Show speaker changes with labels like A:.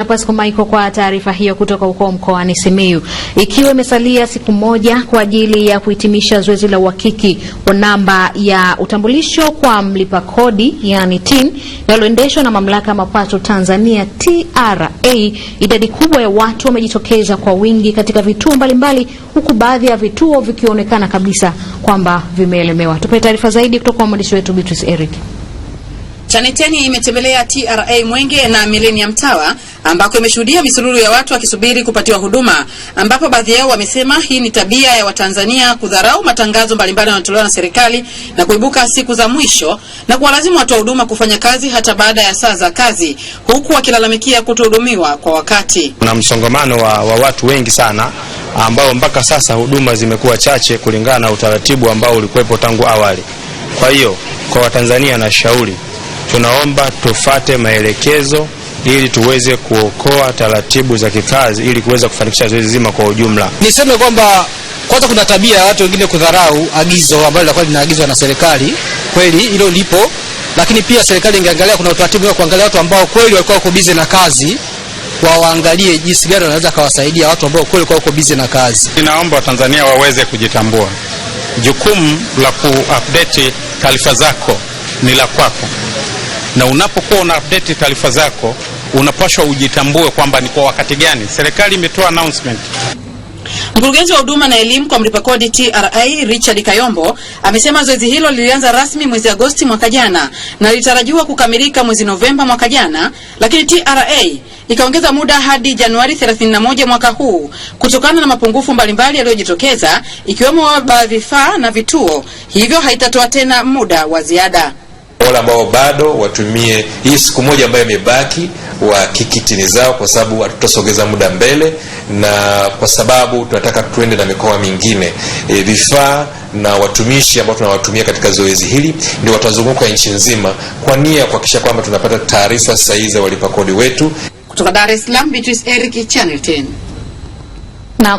A: Na Pasco Michael kwa taarifa hiyo kutoka huko mkoani Simiyu. Ikiwa imesalia siku moja kwa ajili ya kuhitimisha zoezi la uhakiki wa namba ya utambulisho kwa mlipa kodi yani TIN linaloendeshwa na mamlaka ya mapato Tanzania TRA, idadi kubwa ya watu wamejitokeza kwa wingi katika vituo mbalimbali, huku baadhi ya vituo vikionekana kabisa kwamba vimeelemewa. Tupe taarifa zaidi kutoka kwa mwandishi wetu Beatrice Eric.
B: Chaneteni imetembelea TRA Mwenge na Millennium Tower ambako imeshuhudia misururu ya watu wakisubiri kupatiwa huduma, ambapo baadhi yao wamesema hii ni tabia ya Watanzania kudharau matangazo mbalimbali yanayotolewa na serikali na kuibuka siku za mwisho na kuwalazimu wa huduma kufanya kazi hata baada ya saa za kazi, huku wakilalamikia kutohudumiwa kwa wakati.
C: Kuna msongamano wa, wa watu wengi sana ambao mpaka sasa huduma zimekuwa chache kulingana na utaratibu ambao ulikuwepo tangu awali. Kwa hiyo kwa Watanzania na shauri tunaomba tufate maelekezo ili tuweze kuokoa taratibu za kikazi ili kuweza kufanikisha zoezi zima kwa ujumla.
B: Niseme kwamba kwanza, kuna tabia ya watu wengine kudharau agizo ambalo lilikuwa linaagizwa na serikali. Kweli hilo lipo, lakini pia serikali ingeangalia, kuna utaratibu wa kuangalia watu ambao kweli walikuwa wako busy na kazi wawaangalie jinsi gani wanaweza kawasaidia watu ambao kweli wako busy na kazi.
D: Ninaomba Watanzania waweze kujitambua. Jukumu la kuupdate taarifa zako ni la kwako na unapokuwa una update taarifa zako unapaswa ujitambue kwamba ni kwa wakati gani serikali imetoa announcement.
B: Mkurugenzi wa huduma na elimu kwa kodi tri Richard Kayombo amesema zoezi hilo lilianza rasmi mwezi Agosti mwaka jana na lilitarajiwa kukamilika mwezi Novemba mwaka jana, lakini TRA ikaongeza muda hadi Januari 31 mwaka huu kutokana na mapungufu mbalimbali yaliyojitokeza ikiwemo waba vifaa na vituo, hivyo haitatoa tena muda wa ziada
E: wale ambao bado watumie hii siku moja ambayo imebaki wakikitini zao, kwa sababu hatutasogeza muda mbele, na kwa sababu tunataka tuende na mikoa mingine. E, vifaa na watumishi ambao tunawatumia katika zoezi hili ndio watazunguka nchi nzima kwa nia ya kuhakikisha kwamba tunapata taarifa sahihi za walipa kodi wetu.
A: Kutoka Dar es Salaam, Beatrice Eric, Channel 10. Na